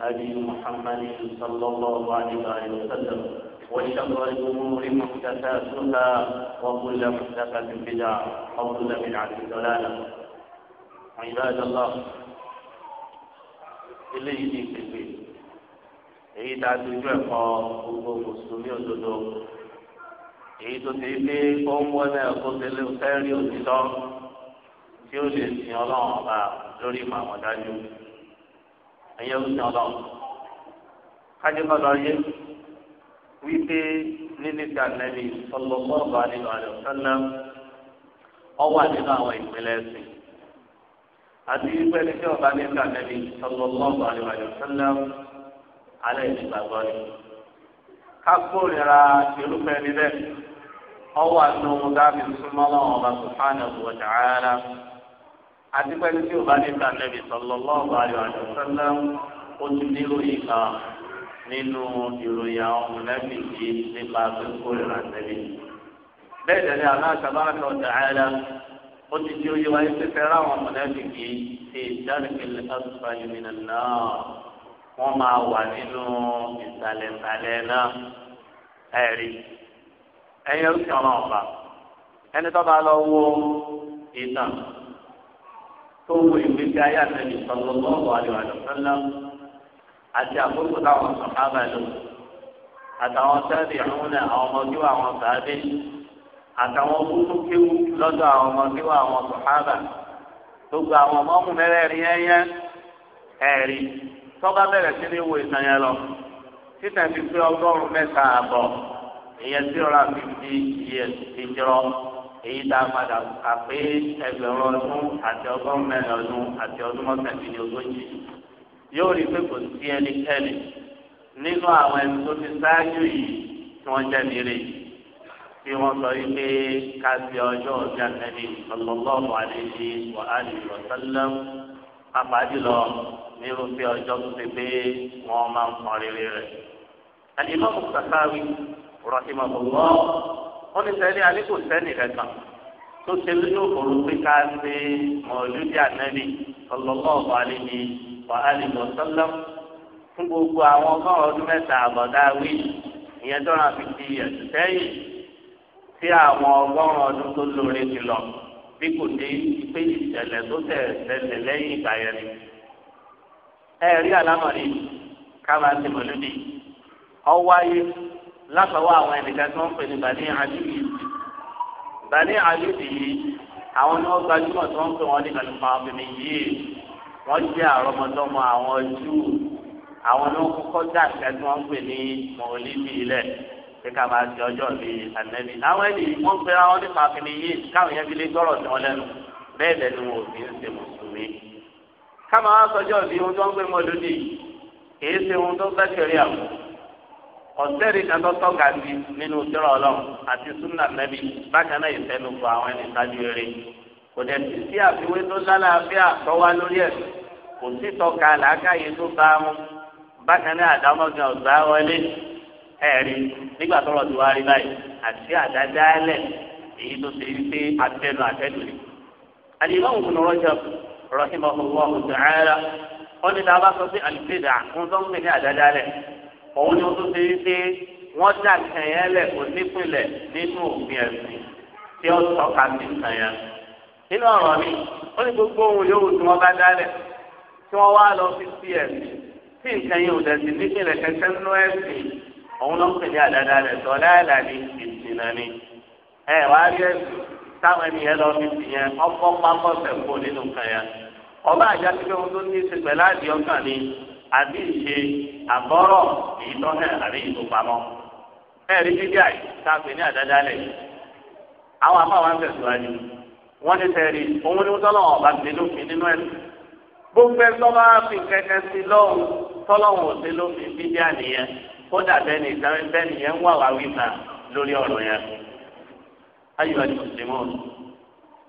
هدي محمد صلى الله عليه وسلم وشر الأمور محدثاتها وكل محدثة بدعة وكل بدعة ضلالة عباد الله eléyìí ní pèpè èyí tá a dojú ẹ̀kọ́ gbogbo mùsùlùmí òdodo èyí tó ti gbé ọmọ náà kó tẹlẹ fẹ́ẹ́ rí òtítọ́ tí ó lè sìn ọlọ́run ọba lórí màmọ́dájú ẹ̀yẹ oṣù ọlọ́run kájọba lọ yẹ wípé nínú ti ànẹ́bí ọlọ́gbọ́ọ̀bà nínú àlẹ́ ọ̀sánná ọwọ́ àdínú àwọn ìpínlẹ̀ ẹ̀sìn àti wípé ní tí ọba nínú ànẹ́bí ọlọ́gbọ́ọ̀bà nínú àlẹ́ ọ̀sánná alẹ́ ìgbàgbọ́ ni kákórira irúfẹ́ níbẹ̀ ọwọ́ àdínú dábì súnmọ́ lọ́wọ́ ọba sùpánà ọ̀bùwọ̀tà ara àti pẹ́ẹ́ni tí o bá ní ìgbà nẹ́bí sallallahu alaihi wasallam ó ti ní ìròyìn kan nínú ìròyìn àwọn mọ̀lẹ́bí yìí nípa pípọ̀ ìrànlẹ́bí. bẹ́ẹ̀ dẹ̀ ni Allah ó ti di oyè wáyé pé fẹ́ràn mọ̀lẹ́bí yìí ti dárìkìlì asfali minan nar wọ́n máa wà nínú ìsàlẹ̀sàlẹ̀ náà ẹ̀rí ẹ̀yẹ ó ọ̀nà ọ̀fà ẹni tó tó wo ìgbésí ayé àtẹnì sallallahu alaihi wa sallam àti àkókò táwọn sàhábà lò àtàwọn sẹ́ẹ̀dì ìrúnlẹ̀ àwọn ọmọdé wa àwọn sàádé àtàwọn kúkú kéwú lọ́dọ̀ àwọn ọmọdé wa àwọn sàhábà gbogbo àwọn ọmọọmú mẹ́rẹ̀ẹ̀rin ẹ̀yẹ ẹ̀rí tọ́ba bẹ̀rẹ̀ sí ní wo ìtàn yẹn lọ títà fi pé ọgọ́rùn-ún mẹ́ta àbọ̀ ìyẹn tí ọ̀rọ̀ àfi fi ìyẹn ti jọ èyí tá a padà kà pé ẹgbẹ̀rún ọdún àti ọgọ́rùn mẹ́rin ọdún àti ọdún mọ́kàndínlẹ́ ní ogójì yóò rí pé kò sí ẹnikẹ́ni nínú àwọn ẹni tó ti ṣáájú yìí tí wọ́n jẹ́ mi rè tí wọ́n sọ yìí pé ká sí ọjọ́ ọ̀sẹ̀ àtẹ́bí sallallahu alaihi wa alihi wa sallam pàápàájùlọ nírúfẹ́ ọjọ́ tó ti pé wọ́n máa ń pọn rere rẹ̀. àdìmọ́ mùsàkáwì rahimahullah wọ́n ní sẹ́ni alẹ́ kò sẹ́ni kankan tó ṣe nínú òru pé ká ṣe mọ̀lúdí ànábì sallallahu alaihi wa alihi wasallam fún gbogbo àwọn ọgọ́rùn ọdún mẹ́ta àbọ̀dá wí ìyẹn tó ràn fìdí ẹ̀sùn sẹ́yìn tí àwọn ọgọ́rùn ọdún tó lóore ti lọ bí kò dé pé ìṣẹ̀lẹ̀ tó tẹ̀ ṣẹlẹ̀ lẹ́yìn ìgbà yẹn ni. ẹ rí àlámọ̀rí ká máa ṣe mọ̀lúdí ọ wáyé látọwọ́ àwọn ẹnìkan tó ń pè ní bani alibi bani alibi àwọn ni wọ́n gbajúmọ̀ tó ń pè wọ́n ní alùpàbìmí yìí wọ́n jẹ́ àrọ́mọdọ́mọ àwọn júù àwọn ni wọ́n kọ́kọ́ dá ìka tí wọ́n pè ní mọ̀lẹ́bí ilẹ̀ pé ká máa ṣe ọjọ́ bí ànẹ́bí àwọn ẹni wọ́n pera wọn ní pàbìmí yìí káwọn yẹn fi lé gbọ́rọ̀ sí wọn lẹ́nu bẹ́ẹ̀ lẹ́nu wọn ò fi ń ṣe mùsùlùmí ká máa sọjọ́ bí ohun tó ń pè mọ́lódì kì í ṣe ohun tó gbẹ́kẹ̀rẹ́ àwọn ọ̀sẹ́rì dáná tọ́ka sí nínú sírọ̀ ọlọ́run àti súnà nẹ́bí bákan náà ìfẹ́nu fún àwọn ẹni sáájú rẹ̀ kò dẹ̀ sí sí àfiwé tó lálàáfíà tó wá lórí ẹ̀ kò sí tọ́ka làákàyè tó bá mu bákan náà àdámọ́gbìn ọ̀gbá wọlé ẹ̀rí nígbà tọrọ ti wá rí báyìí àti àdádálẹ̀ èyí tó ṣe wípé àtẹnu àtẹnu rẹ̀. àdìgbọ́n òkun rọ́jà rọ́ṣìmọ̀ òun ni wọ́n tún ṣe wípé wọ́n dà kẹ̀yẹ́ lẹ̀ kó nípìnlẹ̀ nínú òfin ẹ̀sìn tí ó tọ́ka sí kẹ̀yẹ́. nínú ọ̀rọ̀ mi ó ní gbogbo ohun yòówù tí wọ́n bá dálẹ̀ tí wọ́n wá lọ sí sí ẹ̀sìn tí nǹkan yìí ò dẹ̀sìn nípìnlẹ̀ kẹ̀kẹ́ nínú ẹ̀sìn òun ló pè ní àdáda rẹ̀ sọ láìláì ní ìsìnà ni. ẹ wá rí ẹ̀sìn táwọn ènìyàn lọ fi sí yẹn ọkọ̀ pápọ̀ sẹ̀kó nínú kẹ̀yẹ́ ọba àjàkí pé ohun tó ní í ṣe pẹ̀lú ni àbí ìṣe àbọ̀rọ̀ èyí tó hẹ̀ àbí ìlú ẹ̀rí bíbí àyè tá a pè ní àdádálẹ̀ àwọn wọ́n ní sẹ́ẹ̀rí òun ni tọ́lọ́wọ̀n ọba ti lófin nínú ẹ̀sìn. gbogbo ẹ̀ tọ́ bá fi kẹ́kẹ́ sí lọ́hùn sí lófin àníyẹn kódà bẹ́ẹ̀ni bẹ́ẹ̀ni yẹn ń wà wá lórí ọ̀rọ̀ yẹn.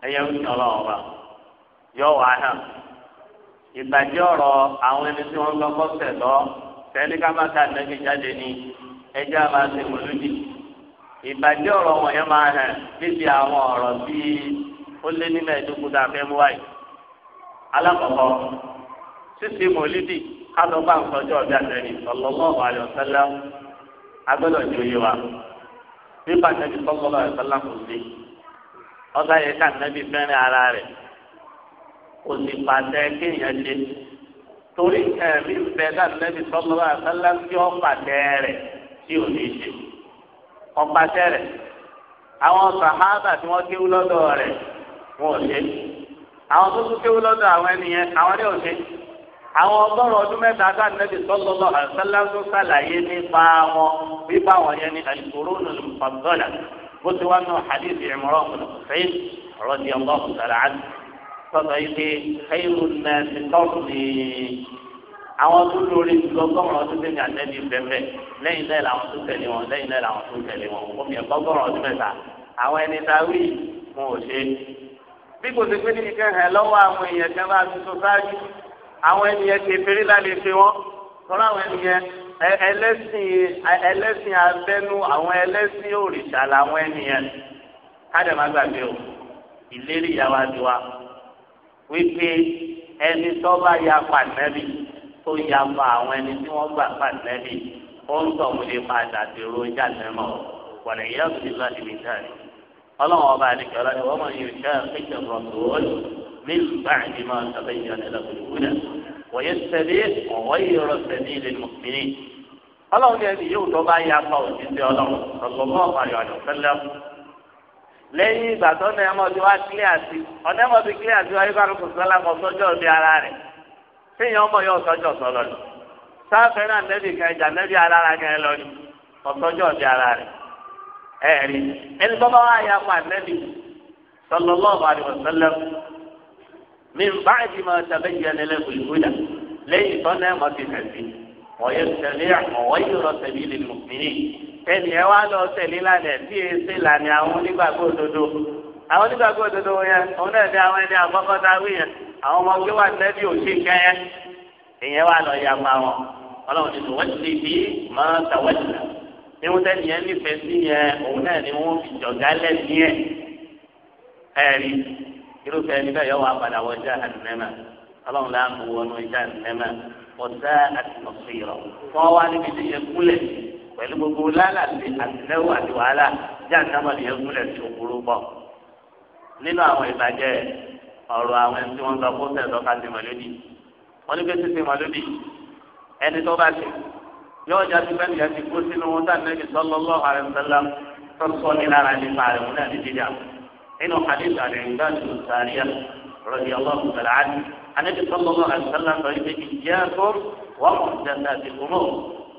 ayọ̀ ìbàjẹ́ ọ̀rọ̀ àwọn ẹni tí wọ́n lọ kọ́sẹ̀ lọ tẹ́lẹ̀ ká má ká nẹ́bí jáde ní ẹjẹ́ àmà ṣe mọ̀lúdì ìbàjẹ́ ọ̀rọ̀ wọn yẹn máa hàn níbi àwọn ọ̀rọ̀ tí ó lé ní mẹ́ẹ̀ẹ́dógún tá a fẹ́ mú wáyé alákọ̀ọ́kọ́ ṣíṣe mọ̀lúdì ká lọ bá nǹkan ọjọ́ ọ̀bí àtẹ̀rì sallallahu alaihi wasallam agbọ́dọ̀ ju iye wa bí pàtẹ́bí sallallahu alaihi wasallam kò sí kò sì pàṣẹ kéèyàn ṣe torí ẹ̀mí bẹ káàdínlẹ́bí sọ́kọ́ àtàlá tí ó pàṣẹ rẹ̀ tí ò ní ṣe kọ́ pàṣẹ rẹ̀ àwọn sàhábà tí wọ́n kéwú lọ́dọ̀ rẹ̀ wọn ò ṣe àwọn tó tún kéwú lọ́dọ̀ àwọn ẹnìyẹn àwọn ní ò ṣe àwọn ọgọ́rùn ọdún mẹ́ta káàdínlẹ́bí sọ́kọ́ àtàlá tó sàlàyé nípa wọn wípé àwọn yẹn ní àìsòrò nù bó ti wá nù hadith Imran bin tọ́lá ilé ayélu náà ti tọ́kù ní àwọn tó lórí jùlọ gbọ́ràn ọdún tẹ̀lé àtẹ́bí bẹ́ẹ̀ lẹ́yìn náà làwọn tó tẹ̀lé wọn lẹ́yìn náà làwọn tó tẹ̀lé wọn omi ẹ̀kọ́ gbọ́ràn ọdún mẹ́ta àwọn ẹni tá a wí wọn ò bí kò sí pé ní kíkẹ́ hàn lọ́wọ́ àwọn èèyàn kan bá tuntun sáájú àwọn ènìyàn ti fèrè lálẹ́ fi wọ́n tọ́lá àwọn ènìyàn ẹlẹ́sìn ẹlẹ́sìn abẹ́nú àwọn ẹlẹ́sìn òrìṣà làwọn ènìyàn ká wípé ẹni tó bá ya pàtẹ́bí tó ya pa àwọn ẹni tí wọ́n gbà pàtẹ́bí ó ń tọ̀wé lè padà dèrò jàǹdẹ́mọ̀ wọ̀nà ìyá òsì láti fi jáde ọlọ́run ọba àdìgbà ọlọ́run wọ́n mọ̀ yóò jẹ́ ẹ̀kẹ́jọ rọ̀tòwọ́n ní báyìí máa ń sọ̀rọ̀ ìyá nílẹ̀ kúlẹ̀ wọ́yẹ sẹ́lẹ̀ ọ̀wọ́ ìrọ̀ sẹ́lẹ̀ ilẹ̀ mọ̀kìnrin ọlọ́run ní ẹni yóò tọ́ bá ya pa òṣìṣẹ́ lẹ́yìn ìgbà tó ní ẹmọ ti wá kílíà sí ọ̀nà ẹmọ ti kílíà sí wáyé bárò kò sọ́jọ́ ara rẹ̀ téèyàn ọmọ yóò sọ́jọ́ sọ́lọ́ ni sáfẹ́ náà nẹ́bí kan ìjà nẹ́bí ara rẹ̀ kan lọ ni kò sọ́jọ́ ara rẹ̀ ẹ̀ rí ẹni tó bá ya pa nẹ́bí sallallahu alaihi wasallam min ní ẹnì ẹ wá lọ tẹ̀lé lánàá tí e ṣe lànà àwọn onígbàgbọ́ òdodo àwọn onígbàgbọ́ òdodo yẹn òun náà dé àwọn ẹni àkọ́kọ́ táwí yẹn àwọn ọmọ gbé wà nẹ́bí òṣì kẹ́yẹ ìyẹn wà lọ ya pa wọn ọlọ́run ti wọ́n ti bí máa tàwọ́tìlá níwọ̀n tẹ́lẹ̀ yẹn nífẹ̀ẹ́ sí yẹn òun náà ni wọ́n fi jọ̀gá lẹ́sí yẹn ẹ̀rí irúfẹ́ ẹni bẹ́ẹ̀ yọ wà padà wọ ìjà àdìmẹ́mà ọlọ́run láàmú wọnú ìjà àdìmẹ́mà ọ̀sẹ̀ àtìmọ̀sí rọ̀ fọ́wá níbi tí yẹn kúlẹ̀ sí pẹ̀lú gbogbo lálà sí àtìlẹ́wò àti wàhálà já sábà ní ẹgbẹ́lẹ̀ tí ó burú bọ̀. nínú àwọn ìbàjẹ́ ọ̀rọ̀ àwọn ẹni tí wọ́n sọ fún sẹ́ńtọ́ ká ti mọ̀lódì wọ́n ní pé títí mọ̀lódì ẹni tó bá ṣe yóò já sí bẹ́ẹ̀ yẹn ti kó sínú wọn tá nẹ́bí sallallahu alaihi wasallam ní lára nípa rẹ̀ wọn náà ní dídá nínú hadith àrẹ̀ǹgbàdùn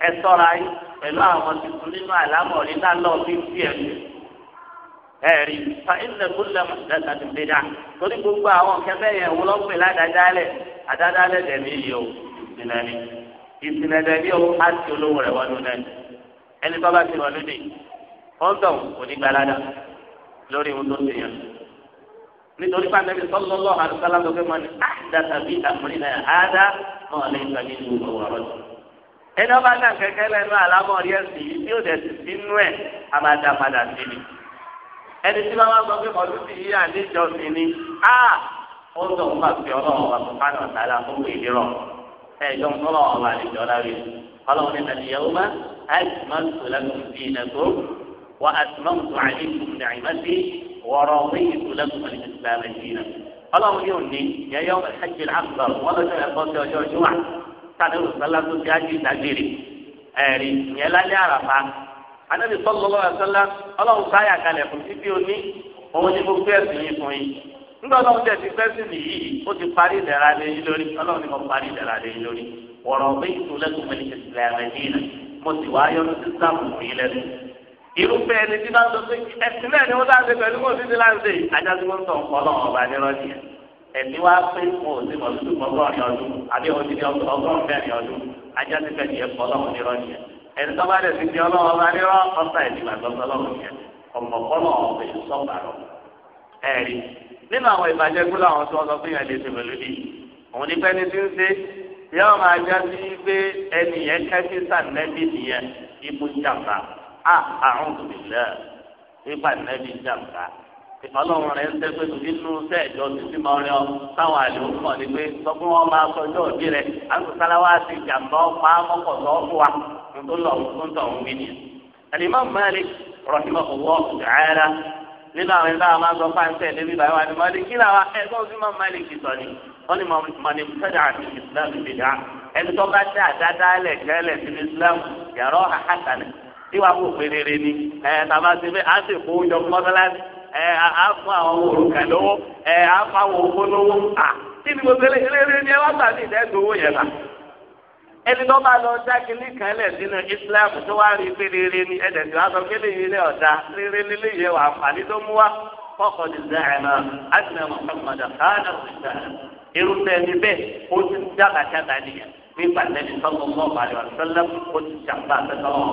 ẹ ṣọ́ra yín pẹ̀lú àwọn tuntun nínú àlámọ̀ nígbà náà fi ń fi ẹ̀mí ẹ̀rí fa ilẹ̀ kúlẹ̀ mọ̀tẹ́ta ti gbé dá torí gbogbo àwọn kẹfẹ́ yẹn wọ́n lọ́pẹ́ ládàjálẹ̀ àdádálẹ̀ dẹ̀mí yìí o ìsìnẹ̀ni ìsìnẹ̀dẹ̀mí o á ti olówó rẹ̀ wọnú náà ẹni bá bá ti wọ́n lóde ọ̀dọ̀ onígbàládà lórí ohun tó ń sèyàn nítorí pàṣẹ bí sọ́lọ́lọ́ àdúgbò alágbègbè mọ́ni àdàtàbí àmúrinà àdá mọ́ ẹni ọba náà kẹkẹ lẹnu alámọrí ẹsìn yìí tí ó dẹ sì sínú ẹ a máa dá padà sí ni ẹni tí wọn bá gbọ́ pé ọdún ti yí àlejò sí ni a ó sọ fún àti Ọlọ́run ọba tó kánà tààlà fún èdè rọ ẹjọ ń tọrọ ọba àlejò láre Ọlọ́run ní nàìjíríà yẹwò má àìsímọ́tò lẹ́kùn sí ìnàgbọ́ wà àìsímọ́tò àìsímọ́tò nàìjíríà wọ̀rọ̀ wíyìtò lẹ́kùn sí ìsìlámù ìdínà Ọlọ́run yóò ní yẹ sáré òsálà tó ti ájú ìdágbére ẹ̀rí ìyẹn lálẹ́ àràfà anábì sọ́kòlọ́ ọ̀sálà ọlọ́run sáyà kalẹ̀ fún títí òní òun ni mo gbé ẹ̀sìn yìí fún yín nígbà ọlọ́run tẹ̀ ti fẹ́sìn nìyí ó ti parí ìdẹ̀ra lé yín lórí ọlọ́run ni mo parí ìdẹ̀ra lé yín lórí wọ̀rọ̀ bí ìtúlẹ̀kùn mi ní ìsìlẹ̀ ẹ̀mẹ́dínà mo sì wá yọ irúfẹ́ ẹni tí bá ń sọ pé ẹ̀sìn náà ni wọ́n dáhùn sí pẹ̀lú mọ́tò tí láǹdì ajá tí wọ́n ẹ̀mí wá pé mo ò sí mọ̀ lójú ọgọ́rin ọdún àbí òjì ní ọgọ́rùn mẹ́rin ọdún ajá ti fẹ́ nìyẹn pọ̀ lọ́wọ́ nírọ̀ nìyẹn ẹni tó bá dẹ̀ ti di ọlọ́wọ́ bá nírọ̀ ọ̀sà ìdìbò àgbọ̀sọ lọ́wọ́ nìyẹn ọ̀mọ̀kọ́lọ̀ ọ̀gbìn sọ̀bàrọ̀ ẹ̀rí nínú àwọn ìbàjẹ́ gbúlọ àwọn tó ọlọ́ fún yẹn lè ṣe pẹ̀lú bí ń ṣe ọlọ́run rẹ̀ ń tẹ́gbẹ́ tó nínú sẹ́ẹ̀jọ́ títí máa rẹ ọ táwọn àlè ń pọ̀ ní pé sọ fún wọn máa sọjọ́ òbí rẹ̀ àgùntàlá wa ti jàmbá ọ̀pá mọ́kọ̀ tó fún wa tó lọ fún tọ̀ ń gbìn. àlìmọ́ mẹ́rin rọ̀hìmọ̀ owó ọ̀gáyára nínú àwọn ẹ̀dá máa sọ fún àǹtẹ̀ níbi ìbáyọ̀ wa ni mọ́lẹ̀ kí làwọn ẹ̀gbọ́n sí mọ́ mẹ́rin kì sọ ni wọ́n ni mọ̀ni sẹ́dá àti Islam bìdá ẹni tó bá dá àdáda lẹ̀ kẹ́lẹ̀ sí Islam yàrá ọ̀hà hàtàlẹ̀ kò pé ni ẹ̀ ti fẹ́ àti ìkó oúnjẹ mọ́tàlá ẹ àfọ àwọn olùkà lówó ẹ àfọ àwọn a. kí ni gbogbo eléyìí ni ẹ wá gbà ní ìdẹ́gbẹ̀ owó yẹn náà ẹni tó bá lọ dá kínní kan lẹ̀ sínú Islam tó wá rí pé rere ni ẹ̀dẹ̀ tí wàá sọ pé lè yẹlẹ̀ ọ̀dà rere lílé yẹ wà àǹfààní tó mú wa kọ́kọ́ ní zẹ́ẹ̀mà àdìmẹ́ Muhammad kánà ṣùgbọ́n irúfẹ́ ẹni bẹ́ẹ̀ ó ti ń nìyẹn nípa tẹ̀lé sọ́kọ̀ mọ́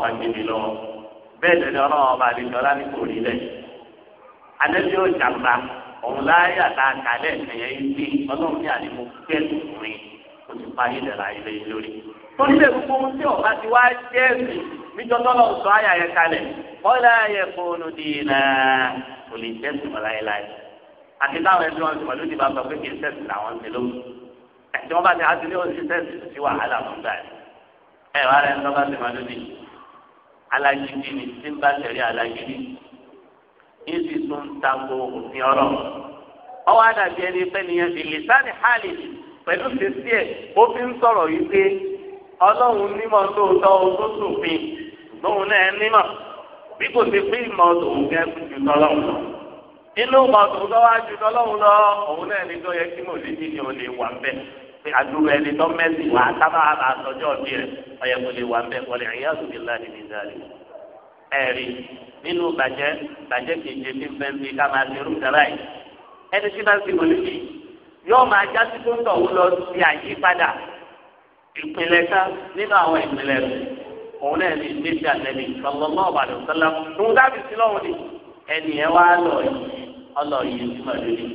ó ti mi lọ bẹ́ẹ̀ lẹ́ni ọlọ́wọ́ jọlá ní kò rí lẹ́yìn. anabi ó jàmbá òun láyé àtàkàlẹ̀ ẹ̀yẹ ibi ọlọ́run ní àdìmú fẹ́ lórin o ti parí ìdẹ̀rẹ̀ ayé lẹ́yìn lórí. tó lè gbogbo tí ọba ti wá jẹ́ ẹ̀sìn níjọ́ tọ́lọ̀ sọ àyà yẹn kalẹ̀ ọ̀là ayẹ fóònù dìínà kò lè jẹ́ ẹ̀sìn ọ̀la yẹn láyé. àti táwọn ẹbí wọn ti pẹ̀lú ìdìbò àgbà pé kì í sẹ́sìn làwọn ń tẹ̀lé òun. ẹ̀sìn wọn bá ti àti ní oṣù sẹ́sìn sí wàhálà fún gbà ẹ̀ wàhálà ẹ̀ ń tọ́ èsì tún tako òfin ọ̀rọ̀ ọwọ́ àdàbí ẹni pé nìyẹn fi lè sáni hálì pẹ̀lú sísí ó fi ń sọ̀rọ̀ yìí pé ọlọ́run nímọ̀ lóòótọ́ tó sòfin lóhun náà nímọ̀ bí kò ti pín ìmọ̀ tòun gẹ́ ju tọ́lọ́run lọ inú tòun ju lọ òun náà tó yẹ kí ni ò lè wà ń pé ẹni tó wà á sábà bí ẹ̀rí nínú bàjẹ́ bàjẹ́ kejì ní bẹ́ńbí ká máa ṣe irúgbìn rẹ̀ ẹni tí bá ti wọlé mi yóò máa já sí tó ń tọ̀ wọ́n lọ sí àyípadà ìpìlẹ̀ kan nínú àwọn ìpìlẹ̀ rẹ̀ òun náà ní ilé tí a lẹ́nu ìsọlọ́mọ́ ọ̀bàdàn sọlá tún dábì sí lọ́wọ́ ni ẹni ẹ wá lọ yìí ọlọ yìí tí mo lè rí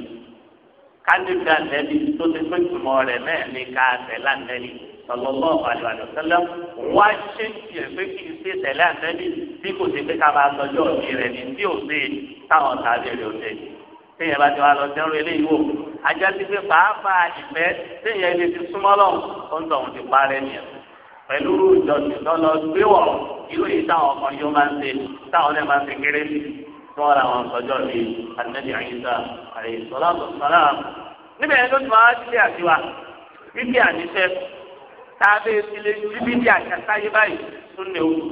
kánìkà lẹ́ni tó ti pé tùmọ̀ rẹ̀ náà ní ká tẹ̀ lánàá sọlọ́lọ́ àlùbàdàn sẹ́lẹ̀ wá ṣe tiẹ̀ pé kí n ṣe tẹ̀lé àtẹ́bí bí kò sí pé ká máa sọjọ́ òbí rẹ̀ ní tí ò ṣe táwọn tàbí rẹ̀ ò ṣe téèyàn bá ti wá lọ sẹ́rù eléyìí wò ajá ti fi pàápàá ìfẹ́ téèyàn lè ti súnmọ́ lọ ó ń tọ̀hún ti parẹ́ nìyẹn pẹ̀lú ìjọsìn lọ́lọ́ gbé wọ̀ irú yìí táwọn ọkàn yóò máa ń ṣe táwọn náà máa ń ṣe kéré sí tí wọ́n ra àwọn ní àdínẹ́bí àyíṣà àrè ìsọlá tàbí ìdílé bíbí àkàtà yìí báyìí tún lè wù.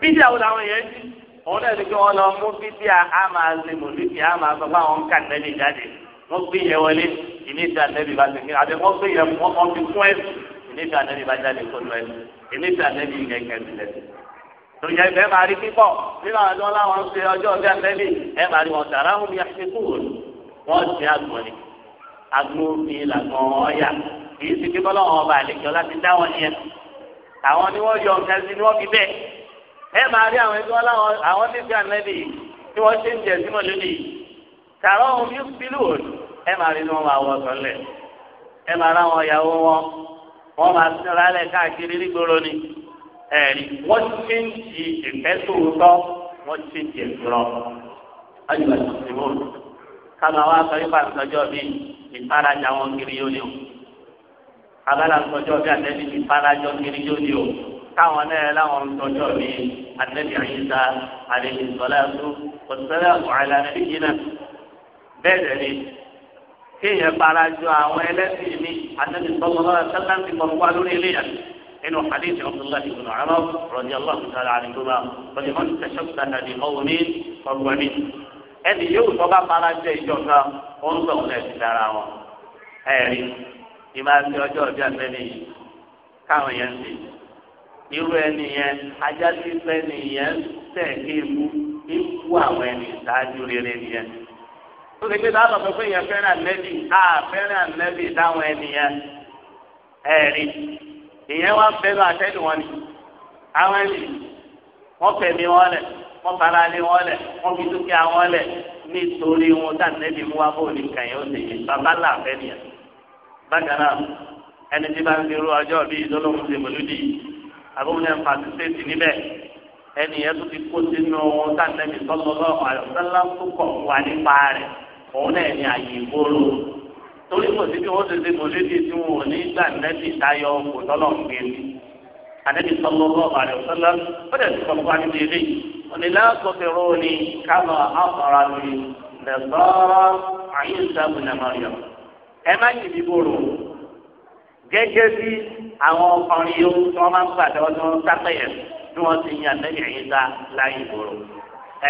bíbí àwọn làwọn yẹn ti òun náà ní kí wọn lọ mú bíbí àmà àzìmù bíbí àmà sọ fún àwọn ká nẹ́ẹ̀lì jáde wọ́n gbé yẹn wọlé ìní ìta nẹ́ẹ̀lì bá ti àti wọ́n gbé yẹn wọ́n kọ́ fi fún ẹ̀sìn ìní ìta nẹ́ẹ̀lì bá jáde kó lọ ẹ̀sìn ìní ìta nẹ́ẹ̀lì yẹn kẹ́ẹ̀sì lẹ́sìn. tòun máa rí pípọ̀ nínú àwọn ọ̀dọ́ láwọn ṣe ọjọ́ ọjọ́ nẹ́ẹ̀lì ẹ̀ máa rí wọn tààrà wọn bí aṣèkúrò wọ́n ti àgbọ̀n ni làgbọ̀n ọ̀yà èyí sì fi bọ́lá wọn ọba àlejò láti dá wọn yẹn àwọn ni wọ́n yọ nǹkan ni wọ́n fi bẹ́ẹ̀ ẹ máa rí àwọn ẹgbẹ́ láwọn àwọn tí ń fi ànẹ́bì tí wọ́n ṣe ń jẹ sí mọ̀lẹ́lì tààrọ̀ ohun yóò bílù òd ẹ máa rí ni wọ́n máa wọ sọ́lẹ̀ ẹ máa rá àwọn ìyàwó wọn wọ́n máa sinra lẹ̀ káàkiri nígboro ni ẹ̀rí wọ́n ṣe ń di ìfẹ́ tòótọ́ wọ́n ṣe ń di ìfúrọ́ ayọ̀ àti ìfúrọ́ káwọn àwọn akọ̀rí pàṣẹ bíi ìfarajà wọn kiri yóò o abala sọjọ́ bí àtẹ́bí ti farajọ kiri yóò di o káwọn náà láwọn sọjọ́ bí àtẹ́bí àyíṣà àlejò sọlá tó òṣìṣẹ́lẹ̀ ọ̀hánà ẹ̀yìn náà bẹ́ẹ̀ dẹ̀ni kéèyàn farajọ àwọn ẹlẹ́sìn mi àtẹ́bí sọlọ́lá sẹ́lá ti kọ́ wá lórí eléyàn nínú hadith abdullahi ibn umar radiyallahu ta'ala anhuma wọ́n mọ̀ tẹ̀sán ní ọ̀wọ́mí ọ̀gbọ̀nmí ẹni yóò tọ́ bá farajọ kan ó ń sọ̀rọ̀ ìmọ̀ àti ọjọ́ ọjọ́ àtẹ́lẹ̀ yìí káwọn yẹn ń sè irú ẹni yẹn ajá sí fẹ́ni yẹn tẹ̀ kí ikú ikú àwọn ẹni ìdájú rere nìyẹn ó ti gbé dáhùn pé yẹn fẹ́ràn nẹ́bì á fẹ́ràn nẹ́bì dáhùn ẹni yẹn ẹ̀rí ìyẹn wá bẹ́ẹ̀ lọ àtẹ́lẹ̀ wọn ni àwọn ẹni wọ́n fẹ̀mí wọn lẹ̀ wọ́n fara lé wọn lẹ̀ wọ́n fi dúkìá wọn lẹ̀ nítorí wọn dá nẹ́bì mú wá bóun ní kàn yẹn ó sì yẹ babalá fẹ́ nìyẹn bákan náà ẹni tí bá ń dirú ọjọ́ bíi ìdólóhùn ṣe mọ̀lúdì àbúrò ẹ̀ pàṣípẹ́ẹ̀tì níbẹ̀ ẹni yẹn tó ti kó sínú tàǹdẹ́mì sọ́lọ́lọ́ àyọ̀sẹ́lá tó kọ̀ wá nípa rẹ̀ òun náà ní àyè ìgboro torí kò sí bí wọ́n ṣe ṣe mọ̀lúdì tí wọn ò ní tàǹdẹ́mì tayọ kò tọ́lọ̀ gbèmí àdẹ́bí sọ́lọ́lọ́ àyọ̀sẹ́lá ó dẹ̀ ti kọ̀ wá níbi eré onílẹ̀ ẹ má yìn mí bòrò gẹ́gẹ́ bí àwọn ọkùnrin yòówù tí wọ́n máa ń gbà tí wọ́n ti ń sápẹ̀yẹ̀ tí wọ́n ti yan lẹ́yìn ẹ̀yìn ta láyé ìbòrò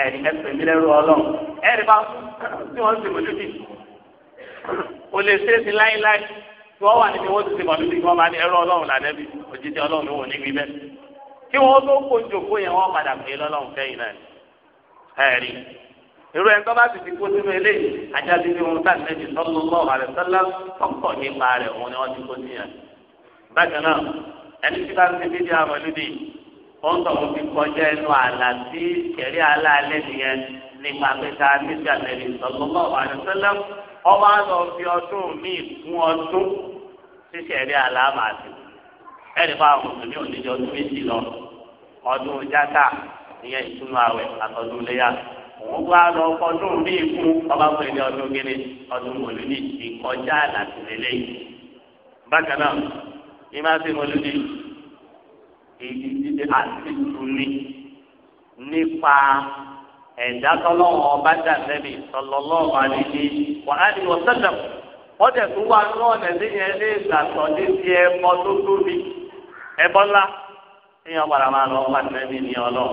ẹ̀rí ẹ̀sìn mi lẹ́rú ọlọ́run ẹ̀rí bá tí wọ́n ti mọ̀jú bì kò lè ṣe é sí láéláé tí wọ́n wà níbi wọ́n ti ti mọ̀jú bì kí máa ní ẹ̀rọ ọlọ́run làdẹ́bí òjijì ọlọ́run wò ní gbígbẹ́ kí wọ́n tó kó jòkó yẹn wọ́n padà pè é lọ́lọ́run náà ẹ̀rí irú ẹni tó bá sì ti kó sínú eléyìí ajáde bí wọn táà nẹbi sọlọ lọ àrẹ sọlá tọkọ nípa rẹ̀ òun ni wọn ti kó sí yẹn bákan náà ẹni tí bá ń ti bídí àwọn ẹlẹ́dì wọn tọ̀ wọn fi kọjá ẹnu àlà sí kẹrí aláàlẹ́ nìyẹn nípa pẹ́ta níbi àtẹ̀lẹ́ sọlọ lọ àrẹ sọlá ọba lọ fi ọdún míì fún ọdún sí kẹrí aláàmàtì ẹni bá àwọn mùsùlùmí wọn wá lọ ọdún bíi fún ọba pè ní ọdún gíní ọdún mòlúdì ìkọjá àlàtì lélẹ̀ bákan náà ní máa fi mòlúdì ìdíje àti ìtúni nípa ẹ̀dá tọ́lọ́wọ́ ọba dà lẹ́bi sọlọ́lọ́wọ́ àdìdí wàhálì wọ́sẹ̀dọ̀ wọ́n tẹ̀ tó wá ní yẹn ní ti tó tóbi ní ọlọ́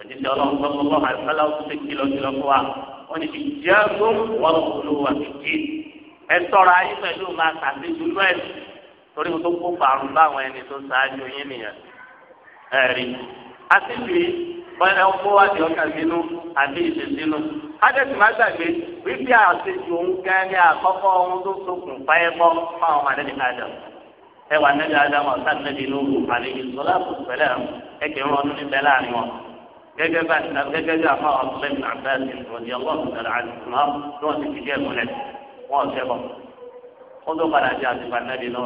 òjijì ọlọ́run tó gbogbo àìsàn ó ti kìlọ̀kìlọ̀ fún wa wọ́n ní ìjẹ́ tó wọ́n kúló wà kìkì ẹ tọ́ra ayé pẹ̀lú máa tàbí dúró ẹ̀ torí mo tó kó fàrùn báwọn ẹni tó ṣáájú yín nìyẹn ẹ̀rí àtìlú bọ́lá ọkọ wa ti ọkà sínú àti ìṣèṣínú ádẹ́sì má gbàgbé wípé àṣejù òun gan ni àkọ́kọ́ ohun tó sokùn fáyẹ́ bọ́ fáwọn ọmọ àdẹ́sì ádàm ẹwà nẹ́bí ádàm ọ̀sán nẹ́bí inú òkú àlejò sọlá kò pẹ̀lẹ́ ẹgbẹ̀rún ọdún níbẹ̀ láàrin wọn gẹ́gẹ́ bá gẹ́gẹ́ bí afa ọ̀sẹ̀ ní abẹ́ẹ̀sì rọ̀dí ọlọ́run tẹ̀lé àdìsúná tí wọ́n ti fi díẹ̀ múlẹ̀ wọ́n ṣẹ́ bọ̀. ó tó padà jẹ́ àtìgbà nẹ́bí lọ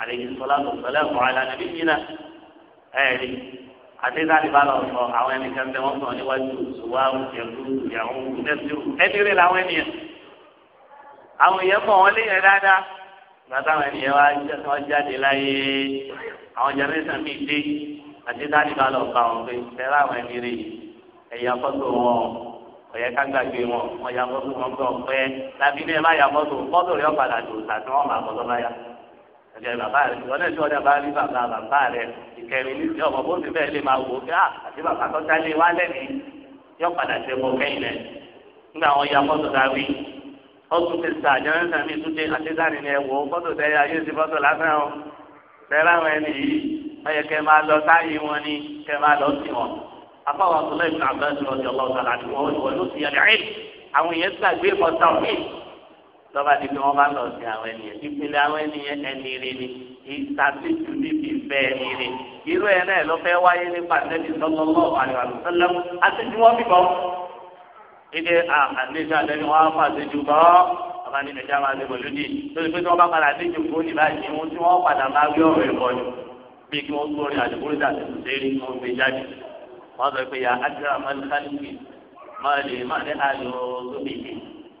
àlejò sọlá tó sọlẹ̀ fún àlà níbí yìnyínà ẹ̀ẹ́dì àti sáà nípa lọ sọ àwọn ẹni kan tẹ́ sọ níwájú ìṣòwò ìyẹ̀kú ìyàwó nẹ́sìrù ẹ̀dínrẹ́ làwọn ènìyàn. àwọn èèyàn mọ̀ wọ́n léyìn dáadáa gbàtà àwọn ènìyàn wá jáde láyé àwọn jẹ́rẹ́sàn àti dáàdì lọ ka wọn pé ṣẹlẹ àwọn ẹni rè ẹyà fọ́tò wọn ọyẹ kágbàgbé wọn wọn yà fọ́tò wọn pé tàbí ní ẹ má yà fọ́tò fọ́tò rẹ ọ̀padà tó tàbí wọn máa bọ́ lọ́ba ẹ̀jẹ̀ bàbá rẹ ìwọ náà tí bá rí bàbá bàbá rẹ ìkẹrin ní ìdí ọmọ bó ti bẹ́ẹ̀ lè máa wò ó ká ah, àti bàbá tó dálé wá lẹ́ni yọ padà ṣe mọ kẹ́yìn rẹ ọyẹ kẹ máa lọ sáyé wọn ni kẹ máa lọ sí wọn afọwọ àtúntò ìfún abẹ́rẹ́ lọ sí ọlọ́run náà àti wọn ìwọ ló ti yẹ lẹ́yìn àwọn èèyàn ti gbàgbé ẹ̀kọ́ tán mí lọ́ba di pé wọ́n bá lọ sí àwọn ènìyàn ìpele àwọn ènìyàn ẹni rè ni ìsàtìjú níbi ìfẹ́ ẹni rè irú ẹ̀ náà ló fẹ́ wáyé nípa nẹ́bí sọ́lọ́lọ́ àlùfẹ́lẹ́mú àtẹ̀jú wọn bíbọ̀ ìdè àdéjà lẹ́nu wọn á fà bọ́ ọba nínú ìjà máa lè bọ̀ lónìí lórí tí wọ́n bá padà àtẹ̀jú kó níbàjẹ́ wọn tí wọ́n padà máa rí ọ̀rọ̀ ìbọ̀jú bí kí wọ́n gbórin àdìgúrídà lérí kí wọ́n gbé jáde wọ́n sọ pé ya adira malikaliki máa lè má lè ayọ̀ lóbi yìí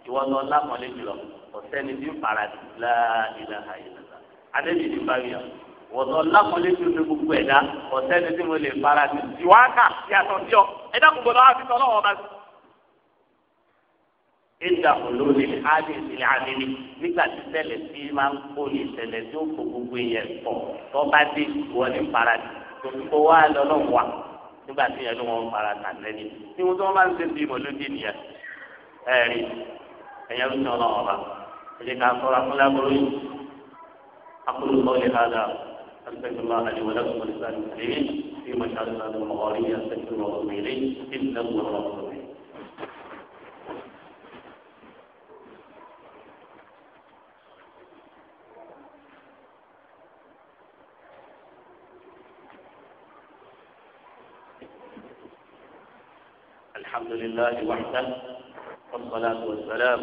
ìwọ́n lọ lápọ̀lé jùlọ ọ̀sẹ́ni bí paradì láàdìlà àyẹ̀lẹ́sà adébíyí bá yà wọ́n lọ lápọ̀lé jùlọ gbogbo ẹ̀dá ọ̀sẹ́ni tí mo lè paradì ìwáàkà yàtọ̀ sí ọ ẹ̀dá gbogbo lọ́wọ́ àti tọ́lọ́wọ́ bá sí ìdá olórí ádì ìsìlẹ̀ àdìní nígbà tí ṣẹlẹ̀ tí máa ń kó ní ṣẹlẹ̀ tí ó kó gbogbo yẹn pọ̀ tó bá dé wọlé paradì tó wá lọ́nà wà nígbà tí yẹn ló wọn fara tà lẹ́ni tí wọ́n tó wọ́n bá ń ṣe bí mọ̀lódì nìyẹn ẹ̀rí ẹ̀yẹ ń sọ̀rọ̀ ọ̀ba ẹ̀jẹ̀ ká sọ̀rọ̀ akọ́lá burú yìí akọ́lù kọ́ lè ha dà أستغفر الله لي ولكم ولسائر المسلمين في مشاهد هذا المغارب أستغفر الله إليه إنه هو الغفور الله وحده والصلاة والسلام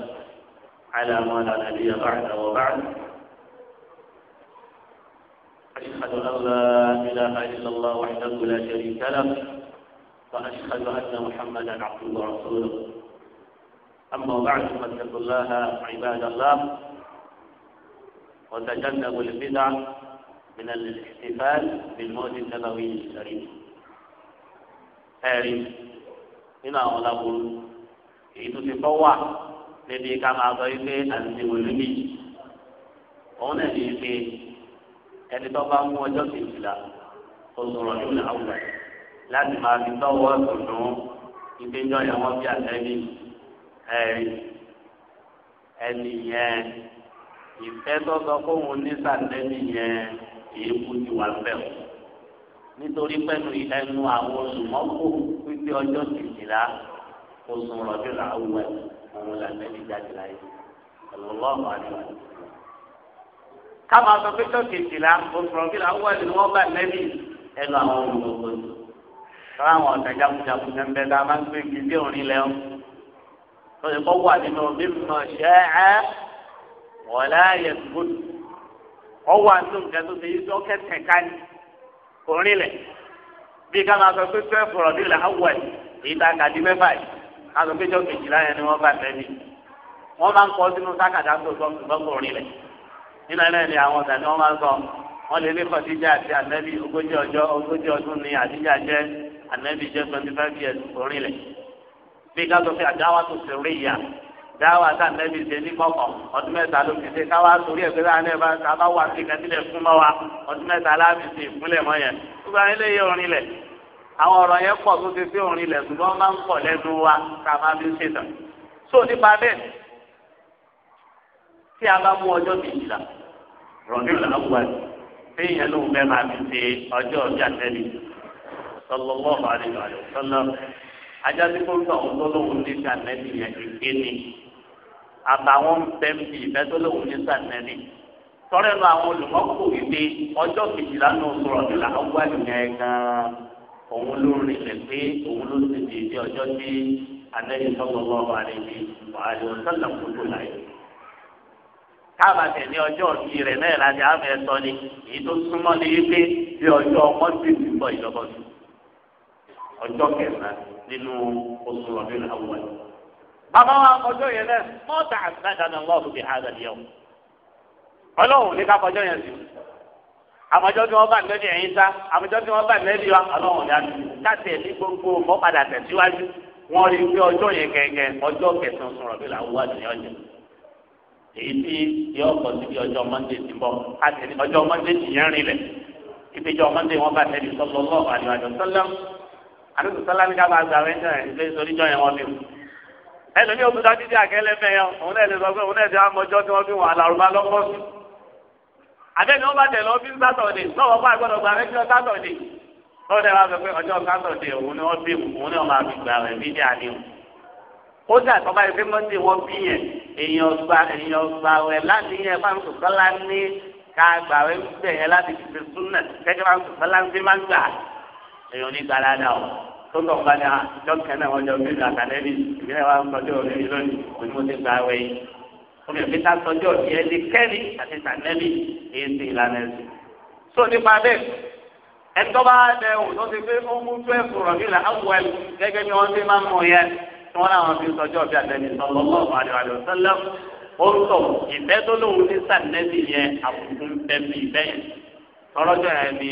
على ما لا نبي بعد وبعد أشهد أن لا إله إلا الله وحده لا شريك له وأشهد أن محمدا عبده ورسوله أما بعد فاتقوا الله عباد الله وتجنبوا البدع من الاحتفال بالموت النبوي الشريف. آمين. nínú àwọn lábúrú èyí tó ti fọ́ wà níbi ká máa sọ wípé àti olùmí òun náà ní pé ẹni tó bá mú ọjọ́ kejìlá oṣù rọ̀lú làwùjọ láti máa fi tọ́wọ́ ìdùnnú ìgbẹ́jọ́ yẹn wọ́n bí àtẹ́bí ẹ̀rí ẹni yẹn ìfẹ́ tó sọ fóun ní sàtẹ́bí yẹn èébú ti wà bẹ́ẹ̀ o nítorí pẹ̀lú ẹnu àwọn olùmọ́kò pípé ọjọ́ kejìlá oṣù rọ̀bì làwùwẹ̀ òun làbẹ́ni jáde láyé ọlọ́lọ́ọ̀mọ́ àdìwà. káma sọ pé ọjọ́ kejìlá oṣù rọ̀bì làwùwẹ̀ ni wọ́n bá lẹ́bi ẹnu àwọn olùmọ́kò yìí. sọ́ra àwọn ọ̀tá jagunjagun ní ẹnbẹ́ tá a máa ń gbé kí ilé òrin lẹ́wọ̀n. lọ́sẹ̀ kọ́ wà nínú mímọ̀ ṣẹ́ẹ́ wọ̀lá yẹ orin lẹ̀ bí ká máa sọ pé twelve rọ̀bí lẹ̀ awọ̀ ẹ̀ èyí tá a di mẹ́fà yìí ká pé jọ́ kejìlá yẹn ni wọ́n bá fẹ́ mi wọ́n máa ń kọ́ sínú sákàdá tó sọ ṣùgbọ́n kò orin lẹ̀ nínú àwọn ni wọ́n máa ń sọ lè àti ogójì ogójì ni years orin bí pé àdáwà tó dáwà tá nẹ́bí ṣe ní kọ̀kọ̀ ọdún mẹ́ta ló fi ṣe káwá sórí ẹ̀ pé láàánú ẹ̀ bá ta bá wà sí kẹsílẹ̀ fún mọ́ wa ọdún mẹ́ta láàbì ṣe ìpínlẹ̀ mọ́ yẹn gbogbo àwọn eléyìí orin lẹ̀ àwọn ọ̀rọ̀ yẹn pọ̀ tó ti fi orin lẹ̀ ṣùgbọ́n máa ń pọ̀ lẹ́nu wa ká máa fi ṣètò so nípa bẹ́ẹ̀ tí a bá mú ọjọ́ méjìlá rọ̀dúnlá wà téèyàn ló ń bẹ́ máa fi ṣe ọjọ́ ọjọ́ àtẹ́lẹ̀ sọlọ́wọ́ àdìgbà sọlọ́ ajá tí kò ń tọ̀ àtàwọn ń bẹ ń bì ìfẹ́ tó lóun ní sànẹ́lì tọ́lẹ̀ nu àwọn olùmọ́kù ìdè ọjọ́ kejìlá náà sọ̀rọ̀ nílà ọgbà ìyẹn gan-an òun ló rìnlẹ̀ pé òun ló ti di ìdí ọjọ́ tí anẹ́yìn sọ́gbọ́n bá wà níbi wàhálà ọ̀sánlá gbogbo láyé. káàbà tẹ̀lé ọjọ́ òbí rẹ̀ náà láti àmì ẹ̀sọ́ ni èyí tó súnmọ́ ní wípé bí ọjọ́ ọmọ ti ti bọ̀ ìjọba ọjọ́ kẹsàn-án nínú oṣù ọdún àbáwá ọjọ́ yẹn náà mọ́tà àgbàdànà lọ́ọ̀bù bí àdàlẹ́ o ọlọ́run ní ká kọjọ́ yẹn sí àmọ́jọ́ tí wọ́n bá nẹ́bí ẹ̀yìn sá àmọ́jọ́ tí wọ́n bá nẹ́bí wa ọlọ́run ní àdúgbò láti ẹ̀mí gbogbo mọ́padà tẹ̀síwájú wọ́n rí i pé ọjọ́ yẹn gẹ́gẹ́ ọjọ́ kẹsàn-án sọ̀rọ̀ bí làwọn wà ní ọjọ́ èyí tí yọ ọkọ̀ síbi ọjọ́ mọ́ndé ti bọ̀ àti ọjọ́ mọ́ndé ti yẹn rinlẹ̀ ìpéjọ mọ́ndé wọn bá nẹ́bí sọ́lọ́lọ́ àdìwájọ́ sọ́lá àdìwájọ́ sọ́lá ní ká bá gbà wẹ́ńdà ẹ̀ ẹlòmí o tún dá dídí àkẹlẹ fẹ yẹn òun náà lè sọ pé òun náà ti amọjọ tí wọn fi wọn àlàrúbá lọkọ sí àbẹ́ni wọn bá tẹ̀lé ọbí sátọ̀dé náà wọ́n bá gbọ́dọ̀ gba ẹjọ́ sátọ̀dé wọ́n tẹ̀lé wọn pé ọjọ́ sátọ̀dé òun ni wọ́n bí òun ni wọ́n máa fi gbà rẹ̀ bí díà ni o ó dà tọ́ báyìí pé mọ́tì wọ́n bí yẹn èèyàn gba èèyàn gba rẹ̀ láti yẹn fáwọn sọ̀kọ́lá ní ká gbà rẹ̀ bẹ̀ láti fi súnà kẹ́kẹ́ fáwọn sọ̀kọ́lá ń gbé má gbà èèyàn ní gbàládà o tó tọ̀ bá ní a jọ kẹ́lẹ́ wọn jọ bí àtàlẹ́ ní ìgbẹ́ wa ń sọjọ́ òní lónìí òní mo ti gba awẹ́ yìí omi òfin ta sọjọ́ òní ẹni kẹ́rì àti tànẹ́lì èyí ti ìlànà ẹ̀sìn. sọ nípa bẹ́ẹ̀ ẹ̀tọ́ bá dẹ òun tó ti pé ó mú tó ẹ̀kú rọ̀ nílà áwọ̀ ẹ̀ gẹ́gẹ́ bí wọ́n ti máa ń mú yẹ tí wọ́n láwọn fi sọjọ́ bí àtẹ́ni sọlọ́ọ̀ tọ́lọ́jọ́ yẹn ni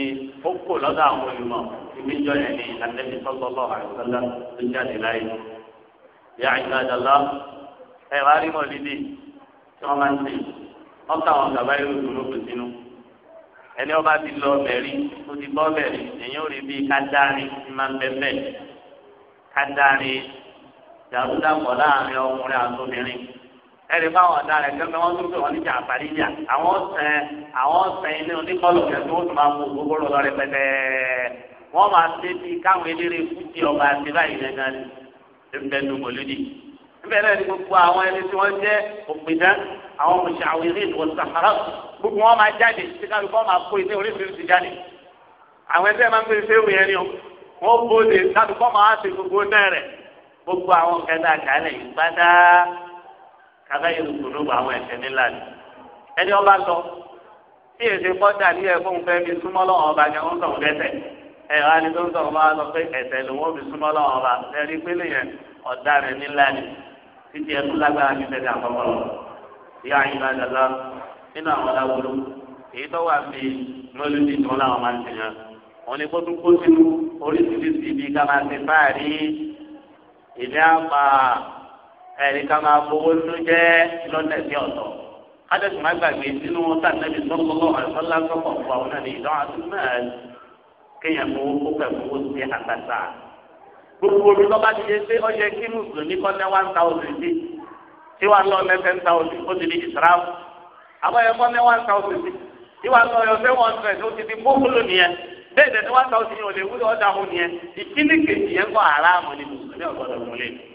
ó kò lọ́dọ̀ àwọn olùmọ̀ ìbíjọ́ yẹn ni àtẹ́bí sọ́lọ́lọ́ àìsọ́lá tó jáde láyé. ìyá ìgbàdàlá ẹ wá rí mọ̀lì dì tí wọ́n máa ń sè wọ́n ká àwọn bàbá yóò dúró kù sínú. ẹni ọba ti lọ bẹ̀rí ó ti bọ́ bẹ̀rí èyí ò rí bí kádárin máa ń bẹ́ẹ̀ bẹ́ẹ̀ kádárin dàrúdàpọ̀ láàrin ọkùnrin àtòmìnrin ẹni fáwọn ọ̀daràn kẹ́mi wọ́n tún pè wọ́n níjà àfàríjà àwọn sẹ́n àwọn sẹ́n ilé oníkọ́lù kẹ́ tó tún máa mú gbogbo lọ rẹpẹtẹ wọ́n máa ṣe bí káwọn eléré fúti ọba àti báyìí lẹ́gàn ni ẹ̀mẹ́nu mọ̀lúdì ẹ̀mẹ́nu ni gbogbo àwọn ẹni tí wọ́n jẹ́ òpìdá àwọn mùsàwìrì wọ́n sàkàrà gbogbo wọn máa jáde tí kálukọ́ máa kó ilé oríṣiríṣi jáde àwọn ẹgbẹ́ máa ń gbé fẹ́rù ni wọ́n bóde kálukọ́ máa ṣe gbogbo náà rẹ̀ gbogbo àwọn kẹta kàlẹ̀ ìgbádá kàkà yìí lùkùnú bá àwọn ẹ̀ṣẹ̀ nílà ni ẹni ọba lọ tí èsì kọjá ní ẹ̀fọn fẹ́ fi súnmọ́ lọ́wọ́ ọba ni wọ́n sọ̀rọ̀ lẹ́sẹ̀ ẹ̀ wá ní tó ń sọ̀rọ̀ máa lọ pé ẹ̀ṣẹ̀ ló wọ́n fi súnmọ́ lọ́wọ́ ọba ẹ̀rí pélé yẹn ọ̀daràn nílà ni títí ẹ̀ tún lágbára ní tẹ̀lé àkọ́kọ́ lọ. ìyá yín bá dàgbà nínú àwọn aláwòrán èyí tó wà fi mọ́lúdì tó láwọn máa ń tẹ̀yàn wọn ni kótó kó sínú oríṣiríṣi ibi ká máa ti fáàrí ìdí àpá ẹni ká máa fowó ló jẹ́ lọ́nà sí ọ̀tọ̀ adẹ́sùn máa gbàgbé sínú sàtẹ́bí sọ́kọ́lọ́ àìsọ́lá sọ́kọ̀ fún àwọn náà ní ìdánwò àtúntò kéèyàn fowó kó pẹ̀ fowó sí àtàtà gbogbo omi lọ́ba ti ṣe pé ọjọ́ kí mùsùlùmí kọ́ ní one thousand sí tí wàá lọ ní ten thousand ó ti di israf àbọ̀yẹ kọ́ ní one thousand sí tí wàá lọ yọ ó ti di bókúlù nìyẹn bẹ́ẹ̀ dẹ̀ ní one thousand yìí ò lè wúlò ọ̀dà nìyẹn kejì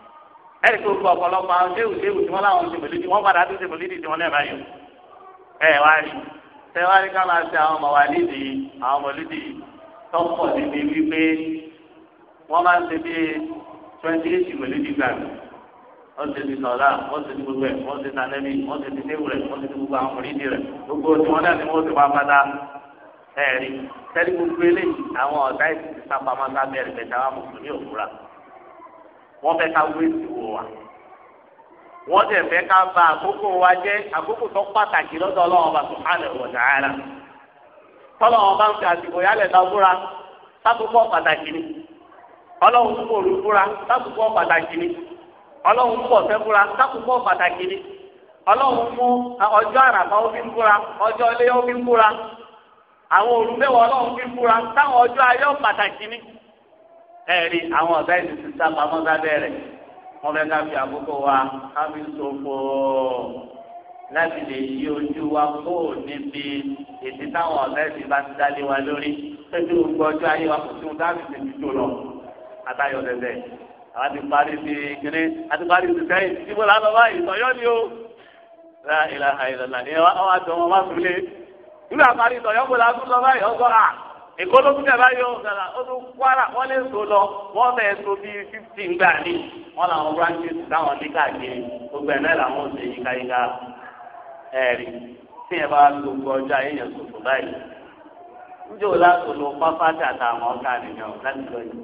ẹ̀rí tó gbọ́ ọ̀pọ̀lọpọ̀ àwọn déwù déwù tí wọ́n láwọn ṣe mòlídìí wọ́n padà tó ṣe mòlídìí tí wọ́n lẹ́ẹ̀ báyìí ẹ̀ wá rí ṣé wá rí ká máa ṣe àwọn mọ̀wálídìí àwọn di tọ́pọ̀ níbi wípé wọ́n máa ń ṣe bí twenty eight mòlídìí gbà mí wọ́n ṣe ti sọ̀rọ̀ wọ́n ṣe ti gbogbo ẹ̀ wọ́n ṣe ti anẹ́mí wọ́n ṣe ti déwù rẹ̀ wọ́n ṣe ti gbogbo àwọn mòlídìí rẹ̀ gbogbo tí wọ́n náà ni wọ́n ti wá padà ẹ̀rí tẹ́lí gbogbo eléyìí àwọn ọ̀tá ìsìn ti sápamọ́ sábẹ́rẹ̀ bẹ̀tẹ̀ àwọn mùsùlùmí òwúrà wọ́n bẹ ká wéèsì wò wá wọ́n tẹ̀ fẹ́ ká ba àkókò wa jẹ́ àkókò tó pàtàkì lọ́dọ̀ ọlọ́wọ́n bá subhanahu bá ń fi àsìkò lọ búra sábùkọ́ pàtàkì ni ọlọ́run ń pòrú búra sábùkọ́ pàtàkì ni búra sábùkọ́ pàtàkì ni mú ọjọ́ àràfà ó fi ń ọjọ́ ẹ̀rí àwọn ọ̀gá ìlú ti sá pamọ́ sábẹ́ rẹ̀ wọ́n fẹ́ ká fi àkókò wa ká fi ṣòfò láti lè yí ojú wa kó níbi èsì táwọn ọ̀gá ìlú bá ti dálé wa lórí pẹ̀lú gbogbo ọjọ́ ayé wa kò sí ohun táàbì ti fi jò lọ àtayọ lẹ́sẹ̀ àwọn ti parí ti kiri àti parí ti sẹ́yìn tí mo là ń lọ báyìí sọ̀yọ́ ni o ra ìlànà ìlànà ìyẹn wọn àti ọmọ wa sùn lé nígbà parí sọ̀yọ́ mo là lọ báyìí ọgọ́ à èkó ló tún dàbá yọ ọ̀sàlà ó tún kwara wọ́n lè so lọ wọ́n fẹ́ so bíi fifteen gbà ní wọ́n làwọn branches táwọn ní káàkiri gbogbo ẹ̀ náà làwọn ṣe yíkáyíká ẹ̀rí tí ẹ bá gbogbo ọjọ́ ayé yẹn sòfò báyìí níjẹ́ o láti lo pápá tí àtàwọn ọ̀gá nìyẹn láti lọ yìí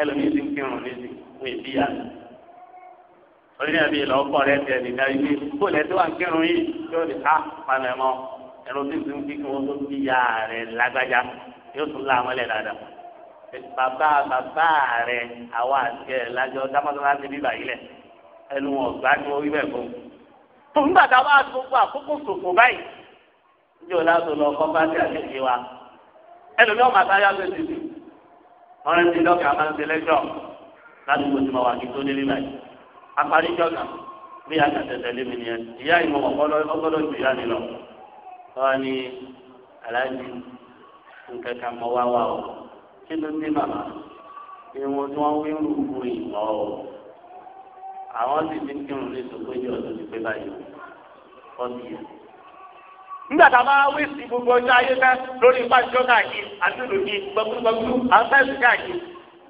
ẹlòmíín ti ń kírun létí fún ìbíyà orí ẹ̀mí ìlọ́kọ̀ rẹ̀ tẹ̀ nìkan yìí kó lẹ́tí wà ẹnu tí tí ń fi kí wọn tó fi ya rẹ lágbájá yóò tún lá àwọn ẹlẹ dáadáa bàbá bàbá rẹ àwa àti ẹ lájọ dámọ́tọ́lá ti bíbà yìí lẹ ẹnu wọn gbá ní orí bẹ́ẹ̀ fún un. tòun gbàdá wà gbogbo àkókò ṣòfò báyìí níjẹ́ ọ̀la tó lọ kọ́ bá ti àṣẹṣe wa ẹlòmíràn máa bá yàgbé títì wọn rẹ ti dọ́kà máa ń ṣe lẹ́jọ́ láti gbòdì máa wà kí tó délé báyìí apáríjọ́ kan bí àtàtẹ̀tẹ̀ lé mi nìyẹn ìyá ìmọ̀ ọ̀pọ̀lọ́ wọ́n ní aláàjì nǹkan kan mọ́ wá wá o kí ló dé màmá irun tí wọ́n wí rú kú ìmọ̀ o àwọn sì ti kírun ní ìsopéjì ọdún ti pé báyìí o ọdún yẹn. nígbà tá a máa wí sí gbogbo ọjọ́ ayé fẹ́ lórí ipá ìjọ káàkiri àti lòdì gbọgbúgbọgbú àfẹ́sì káàkiri.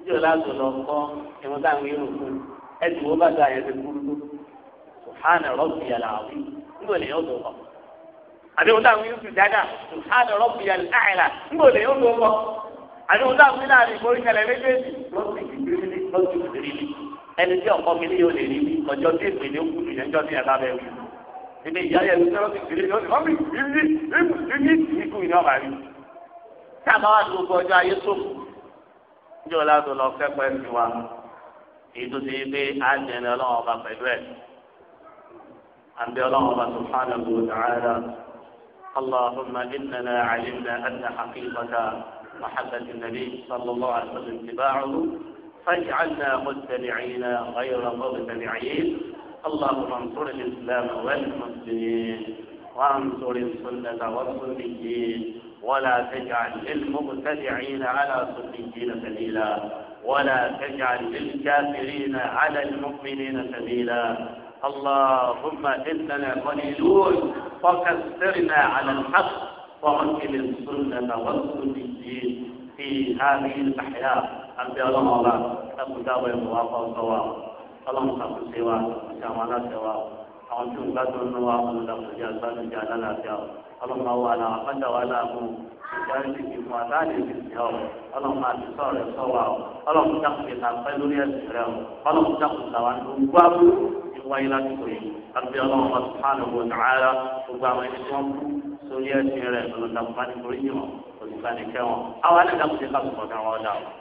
ìjọ láti lọ kọ́ irun táwọn irú kú ẹ ti wo bàtà yẹn sùhánà rọ́bì yàrá àwọn ìgbọ̀lẹ̀ yóò tó kọ̀ àdéhùn táwọn yóò fi dáadáa subhana rabbi al-a'la ńgbò lè yóò lọ bọ àdéhùn táwọn yóò láàrin ìborí kalẹ̀ méjèèjì lọ́sì ìgbérílé lọ́sì ìgbérílé ẹni tí ọkọ mi ní yóò lè rí mi ọjọ́ tí èpè ní òkú mi lẹ́jọ́ tí ẹ̀ka bẹ́ẹ̀ wù ìdí ìyá yẹn lọ́sì ìgbérílé lọ́sì ìgbérílé ìgbérílé ìkú ìní ọ̀bà rí táàbà wà tó gbọ́ ọjọ́ ayé tó ní ọ̀la tó lọ kẹ́kọ̀ọ́ ẹ̀ fi wa èyí tó ti pé á ń dẹni ọlọ́run ọba pẹ̀lú ẹ̀ àbí ọlọ́run ọba subhanahu wa ta'ala اللهم إننا علمنا أن حقيقة محبة النبي صلى الله عليه وسلم اتباعه فاجعلنا متبعين غير مبتدعين اللهم انصر الإسلام والمسلمين وانصر السنة والسنيين ولا تجعل للمبتدعين على صديقين سبيلا ولا تجعل للكافرين على المؤمنين سبيلا اللهم إننا قليلون فكثرنا على الحق وأنقل السنة والسنيين في هذه الأحياء أبي الله الله أبو داوي موافق الصواب اللهم صل سوا كما سوا àwọn tó ń gbádùn ní wa mú lọ́kùnrin àgbàdo jẹ́ alálàáfíà ọlọ́mọ wa la àpáta wa la mú ìjà ìdìbò fún wa láàyè ìdìbò yà ọ ọlọ́mọ àti sọ̀rọ̀ rẹ̀ sọ wa ọ ọlọ́mọ dàkùnrin náà pẹ́ lórí ẹ̀sìn rẹ̀ ọ ọlọ́mọ dàkùnrin náà wà ní gbogbo àbúrò wáyé lásìkò yìí àti ọlọ́run wa subhanahu wa ta'ala gbogbo àwọn ẹni tí wọ́n kú sórí ẹ̀sìn rẹ̀ lọ́dọ̀ dàgbà ní orí yìí wọn òṣìṣẹ́ nìkẹ́ wọn àwọn alẹ́ dàgbà